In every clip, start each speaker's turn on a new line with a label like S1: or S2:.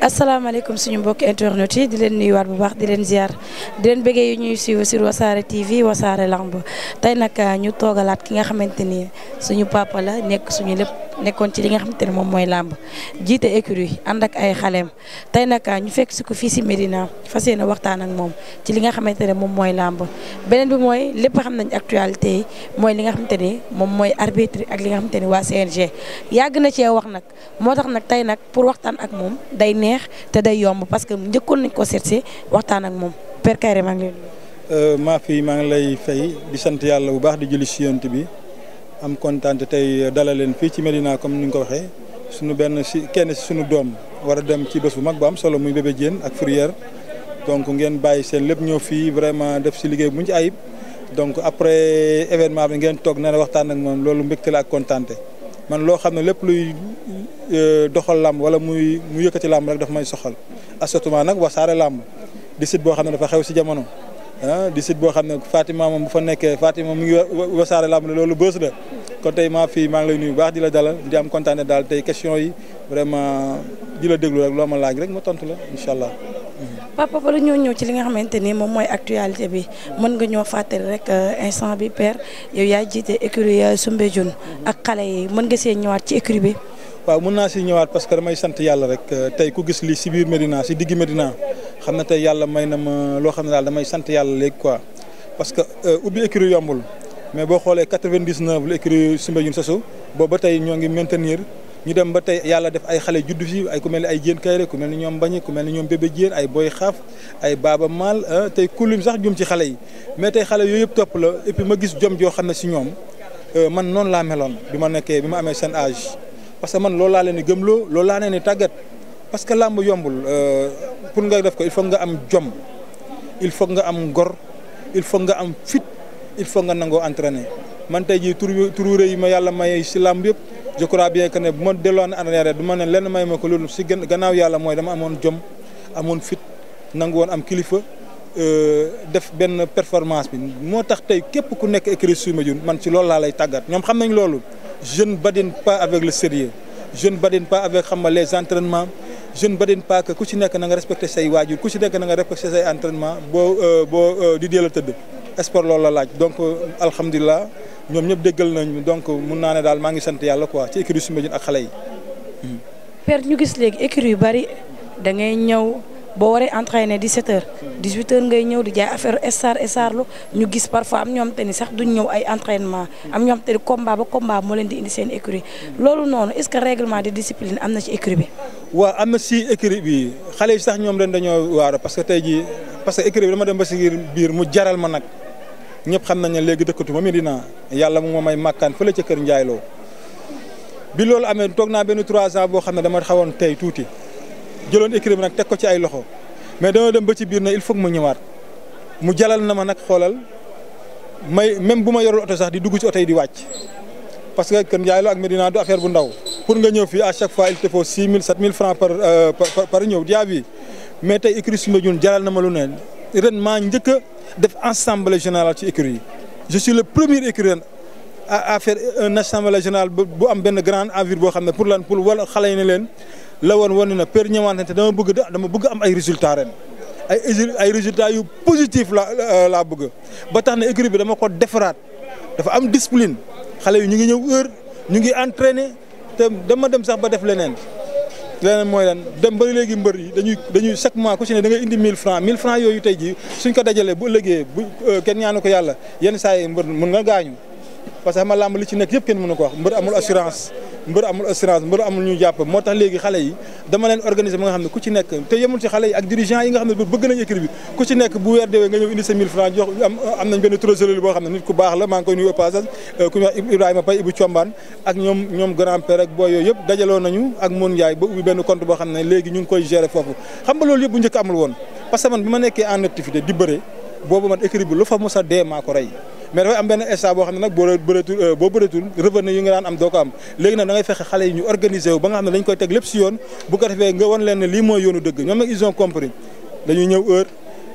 S1: asalaamaaleykum suñu mbokk internet yi di leen nuyuwaat bu baax di leen ziar di leen bëggee yu ñuy suivre sur wasaare TV wasaare lamb tey nag ah, ñu toogalaat ki nga xamante ni suñu papa la nekk suñu lépp nekkoon ci li nga xamante ne moom mooy làmb jiite écurie ànd ak ay xaleem tey nag ah, ñu fekk si ko fii si Medina fas yéene waxtaan ak moom ci li nga xamante ne moom mooy lamb beneen bi mooy lépp xam nañ actualité yi mooy li nga xamante ni moom mooy arbitre ak li nga xamante ni waa CNG yàgg na cee wax nag moo tax nag tey nag pour waxtaan ak moom day neex te day yomb parce que njëkkoon nañ ko seet si waxtaan ak moom Père Kairé maa ngi
S2: euh, maa fi maa ngi lay fay di sant yàlla bu baax di julli si bi am kontaan tey dalal leen fii ci Medina comme ni nga ko waxee sunu benn si kenn si sunu doom war dem ci bés bu mag bu am solo muy bébé Diène ak Fourrière donc ngeen bàyyi seen lépp ñëw fii vraiment def si liggéey bu mu ci ayib donc après événement bi ngeen toog na waxtaan ak moom loolu mbégte la ak kontaante man loo xam ne lépp luy euh, doxal làmb wala muy mu yëkkati làmb rek daf may soxal assotement nag wasaare làmb di site boo xam ne dafa xew si jamono ah di site boo xam ne Fatima moom bu fa nekkee Fatima mu ngi wasaare làmb loolu bës la kon tey maa fii maa ngi lay nuyu baax di la dalal di am kontaane daal tey question yi vraiment di la déglu rek loo ma laaj rek ma tontu la incha allah.
S1: papa bala ñoo ñëw ci li nga xamante ni moom mooy actualité bi mën nga ñoo fàttali rek euh, instant bi père yow yaa jiite écurie euh, Soumbédioune ak xale yi mën nga see ñëwaat ci écurie bi.
S2: waaw mën naa si ñëwaat parce que damay sant yàlla rek euh, tey ku gis li si biir Médina si digg Médina xam na tey yàlla may na ma loo xam ne daal damay sant yàlla léegi quoi parce que ubbi écurie yombul mais boo xoolee 99 la écurie Soumbédioune sosu boobu ba tey ñoo ngi maintenir. ñu dem ba tey yàlla def ay xale juddu fi ay ku mel ni ay jéen kayre ku mel ni ñoom mbañi ku mel ni ñoom bébé jéen ay boy xaaf ay baaba maal ah, tey kullim sax jum ci xale yi mais tey xale yooyu yëpp topp la et ma gis jom joo xam ne si ñoom euh, man noonu laa meloon bi ma nekkee bi ma amee seen age parce que man loolu laa leen di gëmloo loolu laa leen di tàggat parce que làmb yombul euh, pour nga def ko il foog nga am jom il foog nga am ngor il faut nga am fit il faut nga nangoo entraîner man tey jii tur tur yi ma yàlla may si làmb yëpp je crois bien que ne bu ma delloon en arrière du ma ne lenn may ma ko loolu si gannaaw yàlla mooy dama amoon jom amoon fit nangu woon am kilifa euh, def benn performance bi moo tax tey képp ku nekk écrit Soumbédioune man si loolu laa lay tàggat ñoom xam nañ loolu jeune ne badine pas avec le sérieux je ne badine pas avec xam nga les entraînements je ne badine pas que ku ci nekk nanga nga respecté say waajur ku ci nekk na nga respecté say entraînement boo euh, boo di deel a tëdd sport loolu la laaj donc euh, alhamdulilah ñoom ñëpp déggal nañu donc mun naa ne daal maa ngi sant yàlla quoi ci écurie Soumbédioune ak xale yi.
S1: père ñu gis léegi écurie yu bari da ngay ñëw boo waree entraîner 17h 18h ngay ñëw di jaay affaire star star lu ñu gis parfois am ñoom te ni sax duñ ñëw ay entrainement am ñoom te ni combat ba combat moo leen di indi seen écurie loolu noonu est-ce que réglement de discipline am na ci écurie bi.
S2: waaw am na si écurie bi xale yi sax ñoom ren dañoo waar parce que tey jii parce que écurie bi dem ba biir mu jaral ma nag. ñëpp xam nañ ne léegi dëkkatuma Medina yàlla mu ma may màkkaan fële ca kër njaayloo bi loolu amee toog naa benn trois ans boo xam ne dama xawoon tey tuuti jëloon écrit bi nag teg ko ci ay loxo mais dama dem ba ci biir ne il faut ma ñëwaat mu jalal na ma nag xoolal may même bu ma yorul oto sax di dugg ci oto yi di wàcc parce que kër njaayloo ak Medina du affaire bu ndaw pour nga ñëw fii à chaque fois il te faut six mille sept mille francs par euh, par ñëw diaa bi mais tey écrit su ma jun jalal na ma lu ne ren maa njëkk def assemblée générale ci écurie yi je suis le premier écurie à à faire un assemblée générale bu am benn grande envergure boo xam ne pour lan pour wala xale yi ne leen la woon woon na per ñëwaante te dama bëgg dama bugg am ay résultat ren. ay résultat yu positif la euh, laa bëgg ba tax na écurie bi dama ko defaraat dafa am discipline xale yi ñu ngi ñëw heure ñu ngi entraîner te dama dem sax ba def leneen. leneen mooy lan dem bari léegi mbër yi dañuy dañuy chaque mois ku ci ne da indi 1000 francs 1000 francs yooyu tey jii suñ ko dajalee bu ëllëgee bu euh, kenn ñaanu ko yàlla yenn saa yi mbër mën nga gaañu parce que xam a làmb li ci nekk yëpp kenn mënu ko wax mbër amul assurance mbër amul assurance mbër amul ñu jàpp moo tax léegi xale yi dama leen organiser ba nga xam ne ku ci nekk te yemul ci xale yi ak dirigeant yi nga xam ne bëgg nañ écrit bi ku ci nekk bu weer deewee nga ñëw indi sa 1000 francs jox am am nañ benn trésorier boo xam ne nit ku baax la maa ngi koy nuyu au passage euh, ku ñuy wax Ibrahima Pay Ibu Combaan ak ñoom ñoom grand père ak booy yooyu yëpp dajaloo nañu ak Moon Njaay ba ubbi benn compte boo xam ne léegi ñu ngi koy gérer foofu xam nga loolu yëpp bu njëkk amul woon parce que man bi ma nekkee en activité di bëre boobu man écrit bi lu fa mos a dee maa ko rey mais dafay am benn instant boo xam ne nag boo bëreetul boo bëreetul revenu yi nga daan am doo ko am léegi nag da ngay fexe xale yi ñu organiser wu ba nga xam ne dañ koy teg lépp si yoon bu ko defee nga wan leen ne lii mooy yoonu dëgg ñoom nag compris dañuy ñëw heure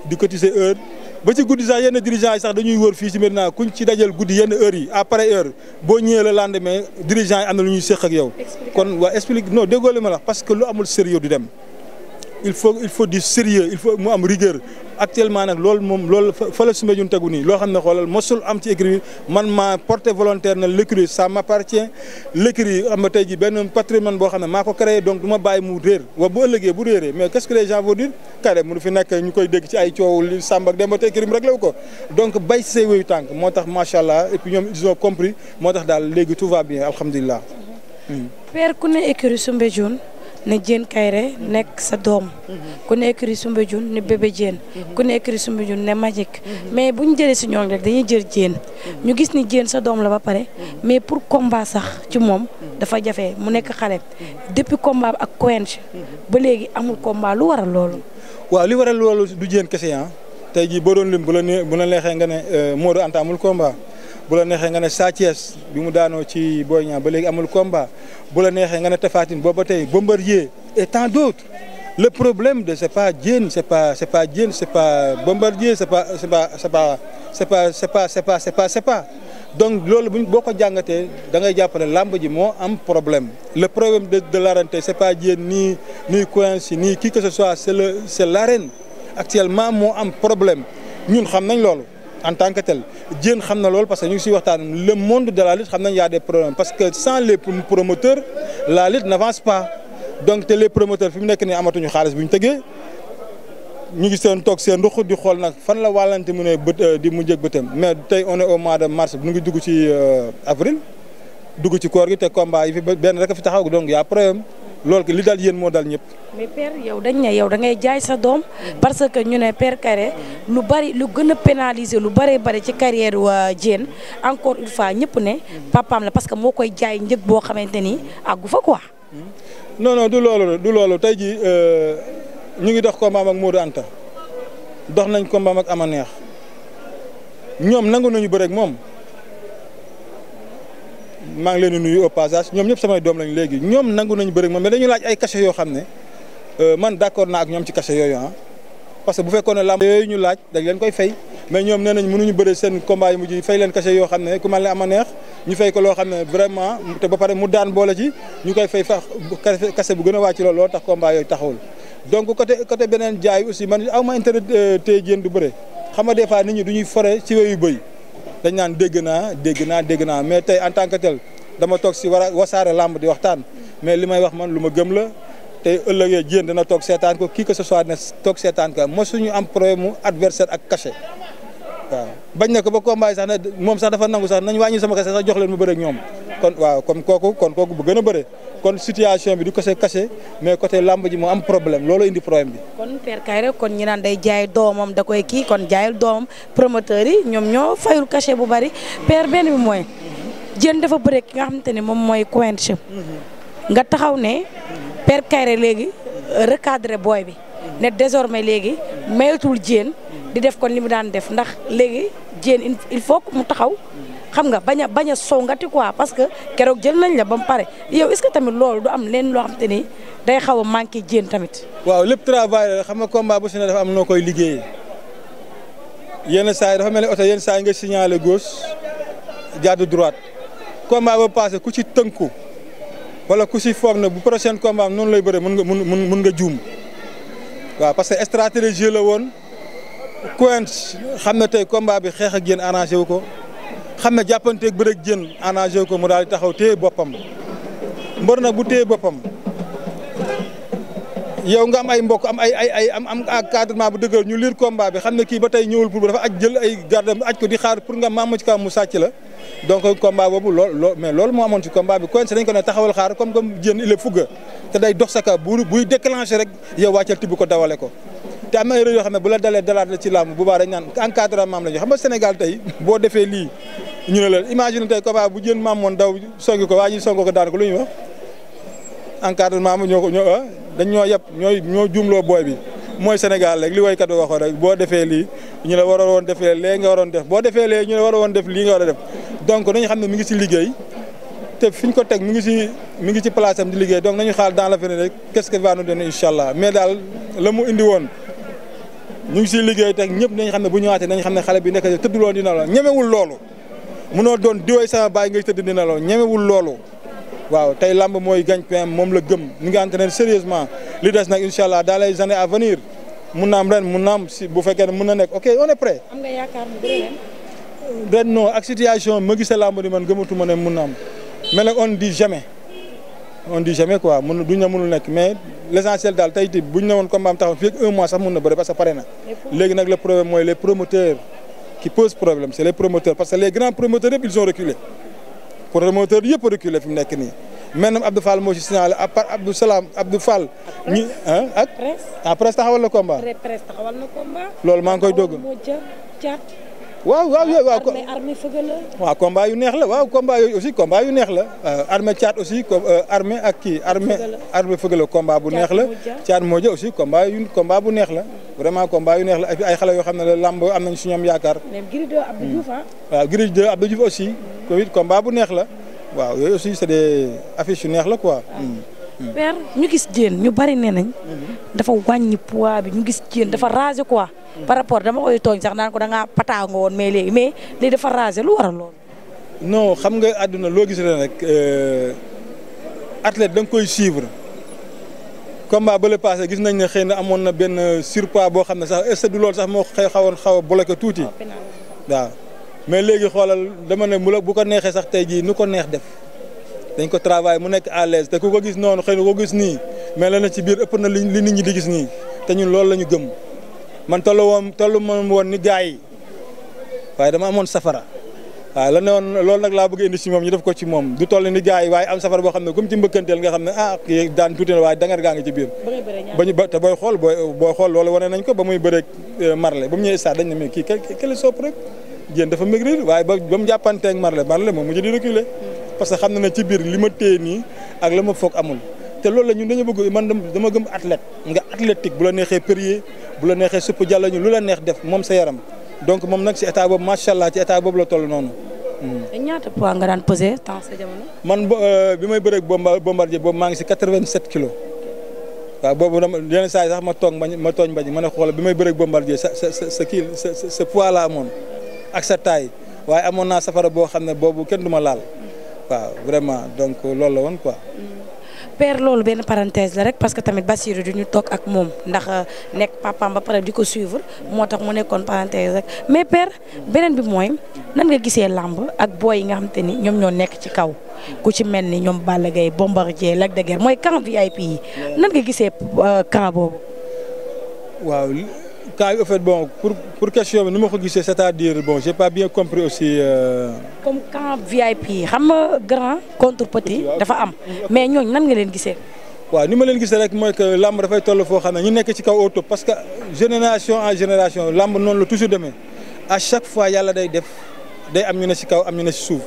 S2: di cotiser heure ba ci guddi sax yenn dirigeant yi sax dañuy wër fii si Médina kuñ ci dajal guddi yenn heures yi à heure boo ñëwee le lendemain dirigeant yi am na lu ñuy séq yow kon waa explique non déggoo li ma la parce que lu amul sérieux du dem il faut il faut du sérieux il faut mu am rigueur actuellement nag loolu moom loolu fa la Soumbédioune tegu nii loo xam ne xoolal mosul am ci écurie man maa porté volontaire na l'écurie ça m'appartient l'écurie xam nga benn patrimoine boo xam ne maa ko créé donc du ma bàyyi mu réer wa bu ëllëgee bu réeree mais qu'est-ce que les gens vont dire fi nekk ñu koy dégg ci ay coow li Samba ak Demba te écurie mu réglé wu ko donc bay si say wéyu tànk moo tax macha allah et puis moo tax daal léegi tout va bien alhamdulilah.
S1: père ku ne ne Diène Kairé nekk sa doom mhm. ku ne écurie Soumbédioune ne bébé Diène mhm. ku ne écurie mhm. mais bu ñu jëlee si ñoom rek dañuy jël Diène ñu gis ni Diène sa doom la ba pare mais pour combat sax ci moom dafa jafe mu nekk xale depuis combat ak Quench ba léegi amul combat lu waral loolu
S2: waaw li waral loolu du Diène kese ah. te jii boo doon lim bu la neexee nga ne euh, Modou Anta amul combat bu la neexee nga ne Sa bi mu daanoo ci Boy Niang ba léegi amul combat bu la neexee nga ne Tapha Tine booba tey Bombardier et tant le problème de c'est pas Diène c'est pas c'est pas Diène c'est pas Bombardier c'est pas c'est pas c'est pas c'est pas c'est pas c'est pas donc loolu boo ko jàngatee da ngay jàppale lamba ji moo am problème le problème de de l'arène c'est pas Diène nii nii Quenchi nii qui que ce soit c'est le c'est l'arène actuellement moo am problème ñun xam nañ loolu en tant que tel Diène xam na lool parce que ñu ngi siy waxtaan le monde de la lutte xam nañ y a des problèmes parce que sans les promoteurs la n'avance pas donc te les promoteurs fi mu nekk nii amatuñu xaalis bu ñu tëggee ñu ngi seen toog seen ruq di xool nag fan la wàllante mu ne bët euh, di mujj ak bëtam mais tey on est au mois de mars ñu ngi dugg ci euh, avril dugg ci koor gi te combat yi fi benn rek a fi taxaw donc y a problème. loolu li daal yéen moo daal ñëpp.
S1: mais père yow dañ ne yow da ngay jaay sa doom parce que ñu ne père Kairé lu bari lu gën a pénaliser lu bëree bari ci carrière waa Diène encore une fois ñëpp ne papaam la parce que moo koy jaay njëg boo xamante ni àggu fa quoi.
S2: non non du loolu du loolu tey jii euh, ñu ngi dox combat ak Modou Anta dox nañ combat ak Ama Neex ñoom nangu nañu bëre ak moom. maa ngi leen di nuyu au passage ñoom ñëpp samay doom lañ léegi ñoom nangu nañu bëri moom mais dañu laaj ay cachet yoo xam ne euh, man d'accord naa ak ñoom ci cachet yooyu ah parce bu fekkoon ne lamb yooyu ñu laaj dañ leen koy fay mais ñoom nee nañ mënuñu bëri seen combat yi mujj fay leen cachet yoo xam ne ku mel ne ama neex ñu fay ko loo xam ne vraiment te ba pare mu daan boole ci ñu koy fay fax cachet bu gën a wàcc loolu loolu tax combat yooyu taxawul donc côté côté beneen jaay aussi man aw ma intérêt euh, téye jén du bëre xam nga des fois nit ñi duñuy fore ci wéyu bëy dañ naan dégg naa dégg naa dégg naa mais tey en tant que tel dama toog si war a wasaare làmb di waxtaan mais li may wax man lu ma gëm la te ëllëgee jéen dana toog seetaan ko kii que ce ne dina toog seetaan ko mo suñu am problème mu adversaire ak cachet waaw bañ na ko ba combat yi sax ne moom sax dafa nangu sax nañ wàññi sama kese sax jox leen mu bëre ñoom kon waaw kon kooku kon kooku bu gën a bëre kon situation bi du kase kase mais côté làmb ji moo am problème loolu indi problème bi.
S1: kon Père Kairé kon ñi naan day jaay doomam da koy kii kon jaayul doomam promoteur yi ñoom ñoo fayul cachet bu bari Père benn bi mooy. jën dafa bëre ki nga xamante ne moom mooy Quench. nga taxaw ne. per Kairé léegi euh, recadré booy bi. ne désormais léegi mayatul jën di def kon li mu daan def ndax léegi jën il faut que mu taxaw. xam nga bañ a bañ a songati quoi parce que keroog jël nañ la ba mu pare yow est ce que tamit loolu du am leen loo xam te ni day xaw a manqué jéen tamit.
S2: waaw lépp travail la xam nga combat ne dafa am noo koy liggéeyee yenn saa dafa mel ni oto yenn saa yi nga signalé gauche jàddu droite combat passé ku ci tënku wala ku si foog na bu prochaine combat am noonu lay bëre mën nga mën mën nga juum waaw parce que stratégie la woon. Coent xam na tey combat bi xeex ak yéen arrangé wu ko. xam ne jàppanteeg bëreeg jën enragé ko mu daal di taxaw téye boppam mbër nag bu téye boppam yow nga am ay mbokk am ay ay ay am ñu liir combat bi xam ne kii ba tey ñëwul pour dafa aj jël ay gardam aj ko di xaar pour nga maamu ci kaw mu la donc combat boobu lool loo mais loolu moo amoon ci combat bi coincé dañ ko comme comme jën il est fugga te day rek yow wàccal tibb ko dawale ko te am na ay yoo xam ne bu dalee dalaat la làmb bu baax dañ naan encadrement am la ñu xam nga Sénégal tey boo defee lii ñu ne leen imagine tey combat bu jën maam moon daw songi ko waa ñu songo ko daan ko lu ñuy wax encadrement ma ñoo ko ñoo ah, dañ ñoo yëpp ñooy ñoo jumloo booy bi mooy Sénégal rek li woykat bi waxoon rek boo defee lii ñu la waroon defee lee nga waroon def boo defee lee ñu la waroon def lii nga war a def donc nañu xam ne mi ngi si liggéey te fi ñu ko teg mi ngi si mi ngi ci place am di liggéey donc nañu xaal xaar dans l'avenir rek qu'est-ce que va nous donner incha allah mais daal la mu indi woon ñu ngi siy liggéey teg ñëpp nañu xam ne bu ñëwaatee nañu xam ne xale bi nekk tëdduloon dina munoo doon diwee sama baay ngay tëdd di nelaw ñemewul loolu waaw tey lamb mooy gagne-pain moom la gëm ñu ngi entraîné sérieusement li des nag incha allah dans les années à am ren mun na si bu fekkee ne mun na nekk ok on est prêt.
S1: am nga yaakaar mu bëri
S2: ren. ren non ak situation ma gisee ni man gëmatuma ne mun na am mais nag on ne dit jamais on ne dit jamais duñ ne mënul nekk mais l' essentiel daal tey jii buñ ne woon combat am taxaw fii ak un mois sax mun na bëri parce que pare na. léegi nag le problème mooy qui pose problème c'est les promoteurs parce que les grands promoteurs yëpp ils ont reculé promoteurs yëpp a reculé fi mu nekk nii. maintenant Abdou Fall moo ci signalé à part Abdou Salam Abdou
S1: ah, koy dogg. waaw waaw yooyu waaw armée armée
S2: waaw combat yu neex la waaw combat aussi combat yu neex la euh, armée caat aussi euh, ak kii armée armée fëgg la combat bu neex la caat mooja aussi combat yu combat bu neex vraiment combat yu neex la ay xale yoo xam ne la làmb am nañ si yaakaar.
S1: même Gris 2 Abdou Diouf ah.
S2: waaw Gris 2 Abdou aussi. tamit combat bu neex la waaw yooyu aussi c'est des affiches yu neex la quoi. Ah. Hmm.
S1: Hmm. père ñu gis jéen ñu bari nee nañ. dafa wàññi poids bi ñu gis jéen dafa rasé quoi. par rapport dama koy tooñ sax naan ko da ngaa pataaw nga woon mais léegi mais dafa raser lu waral loolu.
S2: non xam nga àdduna loo gis rek euh, athlète da nga koy suivre combat ba la passé gis nañ ne xëy na amoon na benn surpoids boo xam ne sax est-ce du loolu sax moo xëy xawoon xaw a bloqué tuuti. Ah, waaw mais léegi xoolal dama ne mu la bu ko neexee sax tey jii nu ko neex def dañ ko travail mu nekk à l'aise te ku ko gis noonu xëy na ko gis nii mais la na ci biir ëpp na li nit ñi di gis nii te ñun loolu la ñu gëm. man tollu woon tollu ma woon ni gaa yi waaye dama amoon safara waaw la ne woon loolu nag laa bëgg indi si moom ñu def ko ci moom du toll ni gaa yi waaye am safara boo xam ne comme ci nga xam ne ah kii daan tuuti na waaye dangar gaa ngi ci biir ba ñu te booy nañ ko ba muy bëreeg euh, marle ba mu ñëwee stade dañ ne mais kii kële sopp rek jéen dafa maigrir waaye ba ba mu jàppanteeg marle hmm. parce que xam na ne ci biir li ma téye nii ak la ma foog amul te loolu la ñun dañu bëgg man dama gëm athlète nga athlétique bu la neexee prier bu la neexee supp jàll ñu lu la neex def moom sa yaram donc moom nag ci état boobu macha allah ci état boobu la toll noonu.
S1: Hmm. ñaata poids nga daan temps sa
S2: jamono. Euh, bi may bëreeg bomba bombardier boobu maa ngi ci 87 kilos waaw boobu dama yenn saa yi sax ma toog ma tooñ mbañ ma ne xool bi may bëreeg bombardier sa sa sa kii sa sa poids la amoon ak sa taille waaye amoon naa safara boo xam ne boobu kenn du ma laal hmm. waaw vraiment donc loolu la woon quoi. Hmm.
S1: père loolu benn parenthèse la rek parce que tamit Bassirou du ñu toog ak moom ndax euh, nekk papaam ba pare di ko suivre moo tax mu nekkoon parenthèse rek mais per beneen bi mooy nan nga gisee làmb ak boy yi nga xam te ni ñoom ñoo nekk ci kaw ku ci mel ni ñoom Balla Gaye Bombardier Lac de Guiers mooy camp VIP yi nan nga gisee euh, camp boobu.
S2: kaa en fait bon pour pour question bi ni ma ko gisee c'est-à-dire bon j'ai pas bien compris aussi. Euh,
S1: comme camp VIP xam nga grand contre petit dafa am mais ñooñu nan nga leen gisee.
S2: waaw ni ma leen gisee rek mooy que làmb dafay toll foo xam ne ñu nekk ci kaw au top parce que génération en génération làmb noonu la toujours demee à chaque fois yàlla day def day am ñu ne ci kaw am ñu ne ci suuf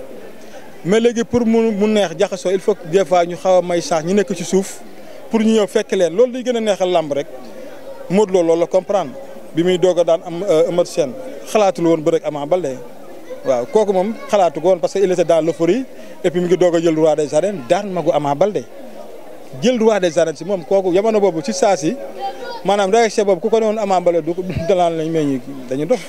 S2: mais léegi pour mu mu neex jaxasoo il faut que des fois ñu xaw a may sax ñu nekk ci suuf pour ñu ñëw fekk leen loolu day gën a neexal làmb rek Modou Lo loolu bi muy doog a daan am euh, Eumeu Sène xalaatul woon bërëg Ama Baldé waaw kooku moom xalaatu ko woon parce que il était dans l'euphorie et puis mi ngi doog a jël roi des arènes daan magu Ama Baldé jël roi de arènes si moom kooku jamono boobu si saa si maanaam réaction boobu ku ko ne woon Ama Baldé du ko dalaan lañ meññ dañu dof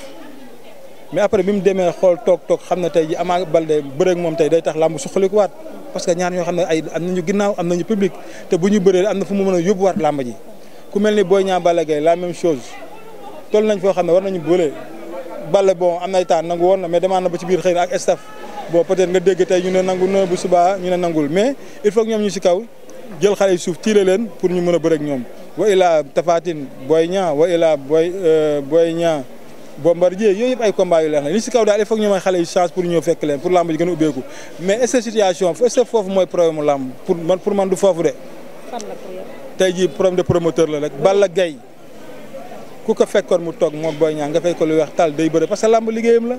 S2: mais après bi mu demee xool toog toog xam ne tey ji Ama Baldé bërëg moom tey day tax làmb suqalikuwaat parce que ñaar ñoo xam ne ay am nañu am nañu public ñu bëree am na fu mu mën a yóbbuwaat làmb ji ku mel ni Boy Niang la même chose toll nañ foo xam ne war nañu bële balle bon am nay taan nangu woon na mais demaan na ba ci biir xëy na ak staff bon peut-être nga dégg tey ñu ne nangu na bu subaa ñu ne nangul mais il faut ñoom ñu si kaw jël xale yi suuf tiire leen pour ñu mën a bëre ak ñoom wa ilaa Tafatine Boy Niang wa ilaa Boy euh, Boy Niang Bombardier yooyu yëpp ay combat yu leex la li si kaw daal il faut que ñu may xale yu chance pour ñëw fekk leen pour làmb ji gën a ubbeeku mais est-ce foofu mooy problème mu làmb pour man pour man foofu de. tey jii problème de promoteur la rek Balla Gaye ku ko fekkoon mu toog moom Boy Niang nga fay ko lu weex tal day bëre parce que làmb liggéeyam la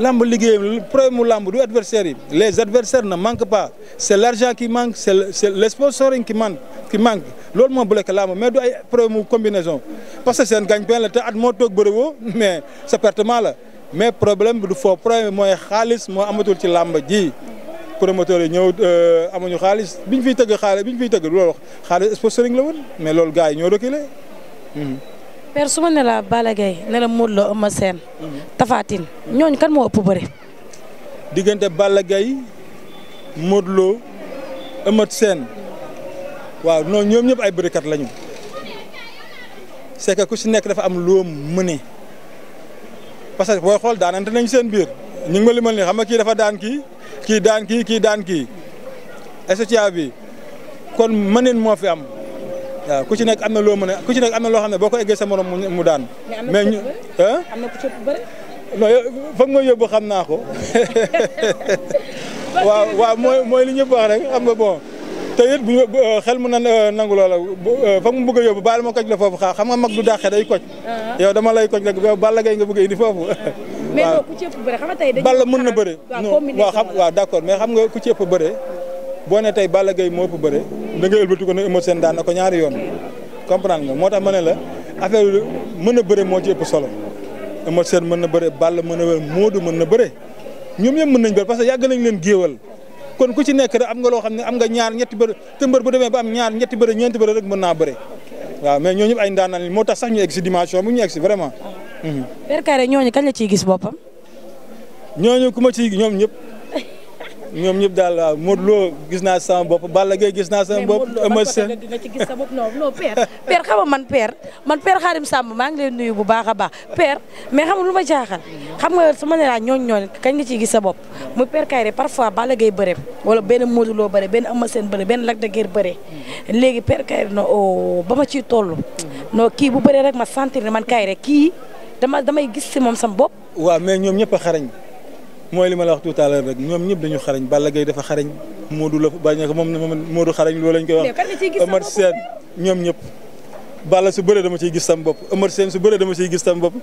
S2: làmb liggéeyam la problème mu làmb du adversaire yi les adversaires ne manquent pas c' est l' argent qui manque c' est le sponsoring qui manque qui manque loolu moo làmb mais du ay problème mu combinaison parce que seen gagne-pain la te at moo toog bëre woo mais sa pertement la mais problème du foofu problème mooy xaalis moo amatul ci làmb ji promoteurs yi ñëw euh, amuñu xaalis bi ñu fiy tëgg xaalis bi ñu fiy tëgg loolu xaalis sponsoring la woon mais loolu gars yi ñoo reculé hmm.
S1: père su ma ne la Balla Gaye ne la Modou Lo Eumeu kan moo ëpp bëri.
S2: diggante balagay Gaye Modou Lo waaw non ñoom ñëpp ay bërikat lañu c'est ku si nekk dafa am loo mëne parce que booy xool daanante nañ seen biir ñu ngi ma limal kii dafa daan kii kii daan kii kii daan kii bi kon mëneen moo fi am. waaw ku ci nekk am na loo mën a ku ci nekk am na loo xam ne boo ko eggee sa morom mu daan.
S1: mais am na ku ci bëri.
S2: foog nga yóbbu xam naa ko. waaw waaw mooy mooy li ñëpp rek xam nga bon. te it bu euh, xel mu na euh, nangu loola euh, fa mu bëgg a baal ma koj la foofu xaa xam nga mag du dàqe day koj
S1: uh-huh. dama
S2: lay koj rek yow Balla nga bëgg indi foofu uh-huh. waaw
S1: Balla mën na bëre waaw xam
S2: waaw d'accord mais xam nga ku ci ëpp bëre boo ne tey bala Gaye moo ëpp bëre da nga ëlbati ko nag Eumeu Sène daan na ko ñaari yoon comprendre moo tax ma ne la affaire mën a bëre moo ci ëpp solo Eumeu mën na bëre Balla mën na bëre mën na bëre ñoom ñëpp mën nañ bëre parce que am nga loo xam ne am nga ñaar ñetti bëre te mbër bu demee ba am ñaar ñetti bëre ñeenti bëre rek mën naa bëre waaw mais ñooñu ñëpp ay ndaanaan lañ moo tax sax ñu egg si dimension bu ñu egg si vraiment.
S1: Mhm. Père Kairé ñooñu kañ la ciy gis boppam.
S2: ñooñu ku ma ciy ñoom ñëpp ñoom ñëpp daal waaw Modou Lo gis naa sama bopp bala Gaye gis naa sama bopp. Eumeu Sène dina
S1: ci gis sa bopp non non père père xam nga man père man père Xaadim maa ngi leen nuyu bu baax a baax père mais xam lu ma jaaxal xam nga su ma nee laa kañ nga ciy gis sa bopp muy père Kayre parfois Balla Gaye bëreem wala benn Modou Lo bëre benn Eumeu Sène bëre benn Lac de Guiers bëre léegi père Kayre oh, ba ma ciy toll non kii bu bëree rek ma sentir ne man Kayre kii dama damay gis si moom sama bopp waa
S2: mais ñoom ñëpp a xarañ mooy li ma la wax tout à l'heure rek ñoom ñëpp dañu xarañ Balla Gaye dafa xarañ Modou la bañ ko moom Modou xarañ loolu lañ koy wax Omar Sène ñoom ñëpp Balla su bëree dama ciy gis sama bopp Omar Sène su bëree dama ciy gis sama bopp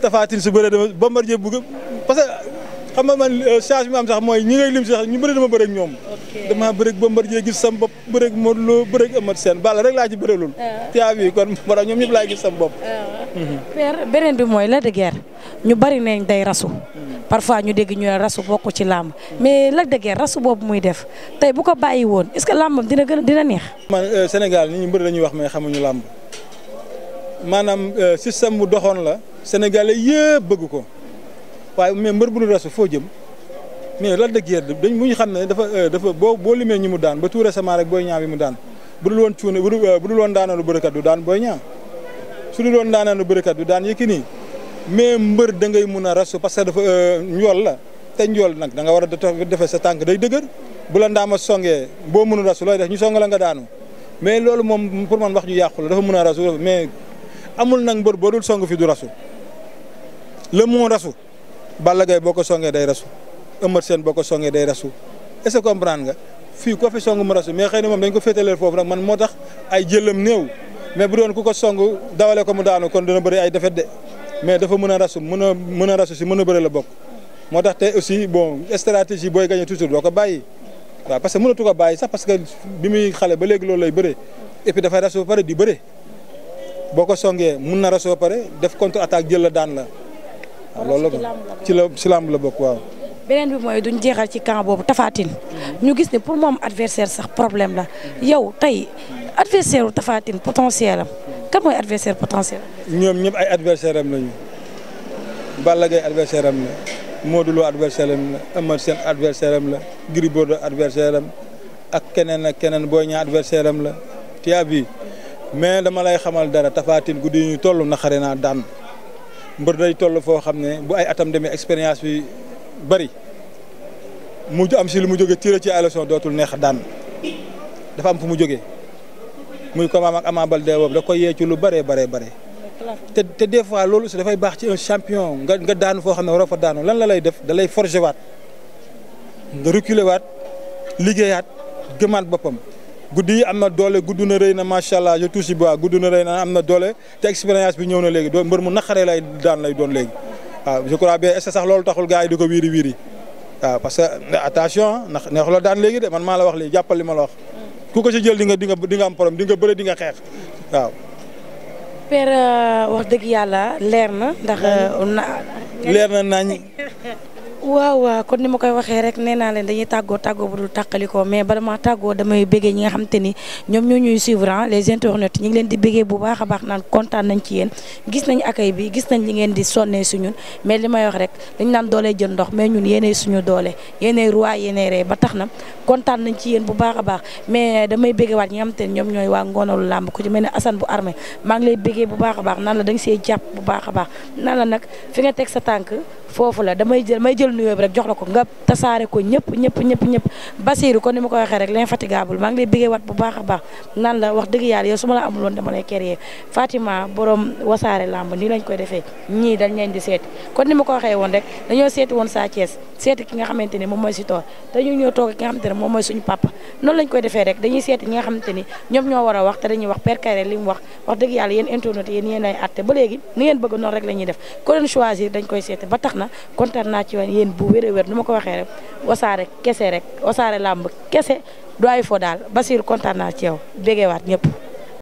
S2: Tapha Tine su bëree dama Bombardier bugg parce que xam nga man euh, change bi mooy ñi ngay lim si ñu bëri dama bëri ak ñoom dama bëri ak Bombardier gis sama bopp bëri ak Modou Lo bëri ak Omar Sène Balla rek laa ci bëreelul ah. tia bi kon bara ñoom ñëpp laay gis sam bopp ah.
S1: mhm. père beneen bi mooy la de ñu bari nañ day rasu parfois ñu dégg ñu ne rasu bokk ci làmb mais Lac de rasu boobu muy def tey bu ko bàyyi woon est-ce que làmbam dina gën dina neex.
S2: man euh, Sénégal ni ñi mbër la ñuy wax mais xamuñu làmb maanaam euh, système bu doxoon la Sénégalais yëpp bëgg ko waaye mais mbër bu dul rasu foo jëm mais Lac de Guiers dañ mu ñu xam ne dafa euh, dafa boo boo limee ñi mu daan ba tout récemment rek booy ñaaw bi mu daan bu dul woon cuune bu dul woon daanalu bërëkat du daan booy ñaaw su dul woon daanalu bërëkat du daan Yékini mais mbër da ngay mun a rasu parce que dafa euh, njool la te njool nag da nga war a defee sa tànk day dëgër bu la ndaama songee boo mënul rasu looy def ñu song la nga daanu mais loolu moom pour man wax ju yàqu la dafa mun a rasu mais amul nag mbër boo dul song fi du rasu le moo rasu Balla Gaye boo ko songee day rasu Eumeu Sène boo ko songee day rasu est-ce que nga fii ko fi song mu rasu mais xëy na moom dañ ko féetaleel foofu nag man moo tax ay jëlam néew mais bu doon ku ko song dawale ko mu daanu kon dana bëri ay defet de mais dafa mën a rasu mën a mën a rasu si mën a bëri la bokk moo tax te aussi bon stratégie booy gagné toujours doo ko bàyyi waaw parce que mënatu ko bàyyi sax parce que bi muy xale ba léegi loolu lay bëree et puis dafay rasu ba pare di bëree boo ko songee mun na rasu ba pare def contre attaque jël la daan la waaw loolu la ci la ci làmb la bokk waaw.
S1: beneen bi mooy duñ jeexal ci camp boobu Tapha ñu gis ne pour moom adversaire sax problème la yow tey adversaire u Tapha am kan mooy adversaire potentiel.
S2: ñoom ñëpp ay adversaire am lañu Balla Gaye adversaire am la Modou Lo adversaire am la Eumeu Sène adversaire am la Gris Bordeaux adversaire ak keneen keneen Boy Niang adversaire am la tiya bi mais dama lay xamal dara tafaatin guddi yi ñu toll naxare naa daan mbër day toll foo xam ne bu ay atam demee expérience bi bari mu am si lu mu jóge tiré ci ay dootul neex daan dafa am fu mu jógee muy combat ak Ama Baldé boobu da ko yee ci lu bëree bëree bëri. te te des fois loolu si dafay baax ci un champion nga nga daanu foo xam ne waroo fa daanu lan la lay def da lay forger waat nga reculer waat liggéeyaat gëmaat boppam. guddi yi am na doole gudd na rëy na macha allah je touche bois gudd na rëy na am na doole te expérience bi ñëw na léegi doo mbër mu naqaree lay daan lay doon léegi waaw je crois bien est sax loolu taxul gaa yi di ko wiiri wiiri waaw parce attention ndax neexuloo daan léegi de man maa la wax lii jàppal li la wax. ku ko ci jël di nga di nga di nga am porom di nga bëre di nga xeex waaw.
S1: père euh, wax dëgg yàlla leer na ndax. Euh, leer na nañ. waaw waaw kon ni ma koy waxee rek neena leen dañuy tàggoo tàggoo bu dul tàqalikoo mais bala maa tàggoo damay béggee ñi nga xam te ni ñoom ñoo ñuy suivre ah, les internautes ñu ngi leen di béggee bu baax a kontaan nañ ci yéen gis nañ accueil bi gis nañ li ngeen di sonnee suñun mais li may wax rek dañ naan doole jël ndox mais ñun yéenay suñu doole yéenay roi yéenay rey ba tax na kontaan nañ ci yéen bu baax a baax mais damay béggewaat ñi nga xam te ni ñoom ñooy waa ngoonalu làmb ku ci mel ne Assane bu armé maa ngi lay béggee bu baax a baax naan la dañ see jàpp bu baax a baax naan la nag fi nga teg sa tànk foofu la damay jël may jël nuyoo bi rek jox la ko nga tasaare ko ñëpp ñëpp ñëpp ñëpp Basiirou ni ma ko waxee rek l'infatigable maa ngi lay bëggee wat bu baax a baax naan la wax dëgg yàlla yow su ma la amul woon dama koy defee ñii dañ leen di seeti kon ni ma ko waxee woon rek dañoo seeti woon Sa Thiès seeti ki nga xamante ni moom mooy si toor te ñu moom mooy suñu papa noonu lañ koy defee a wax te dañuy wax perkare li mu wax wax dëgg yàlla yéen internet yéen yéen ay atte ba léegi ni ngeen bëgg noonu rek la ñuy def ko doon choisir dañ koy seeti ba tax na kontaan naa ci woon bu wér a wér nu ma ko waxee rek wasaare kese rek wasaare làmb kese doy fo daal Basiir kontaan naa ci yow bégewaat ñëpp.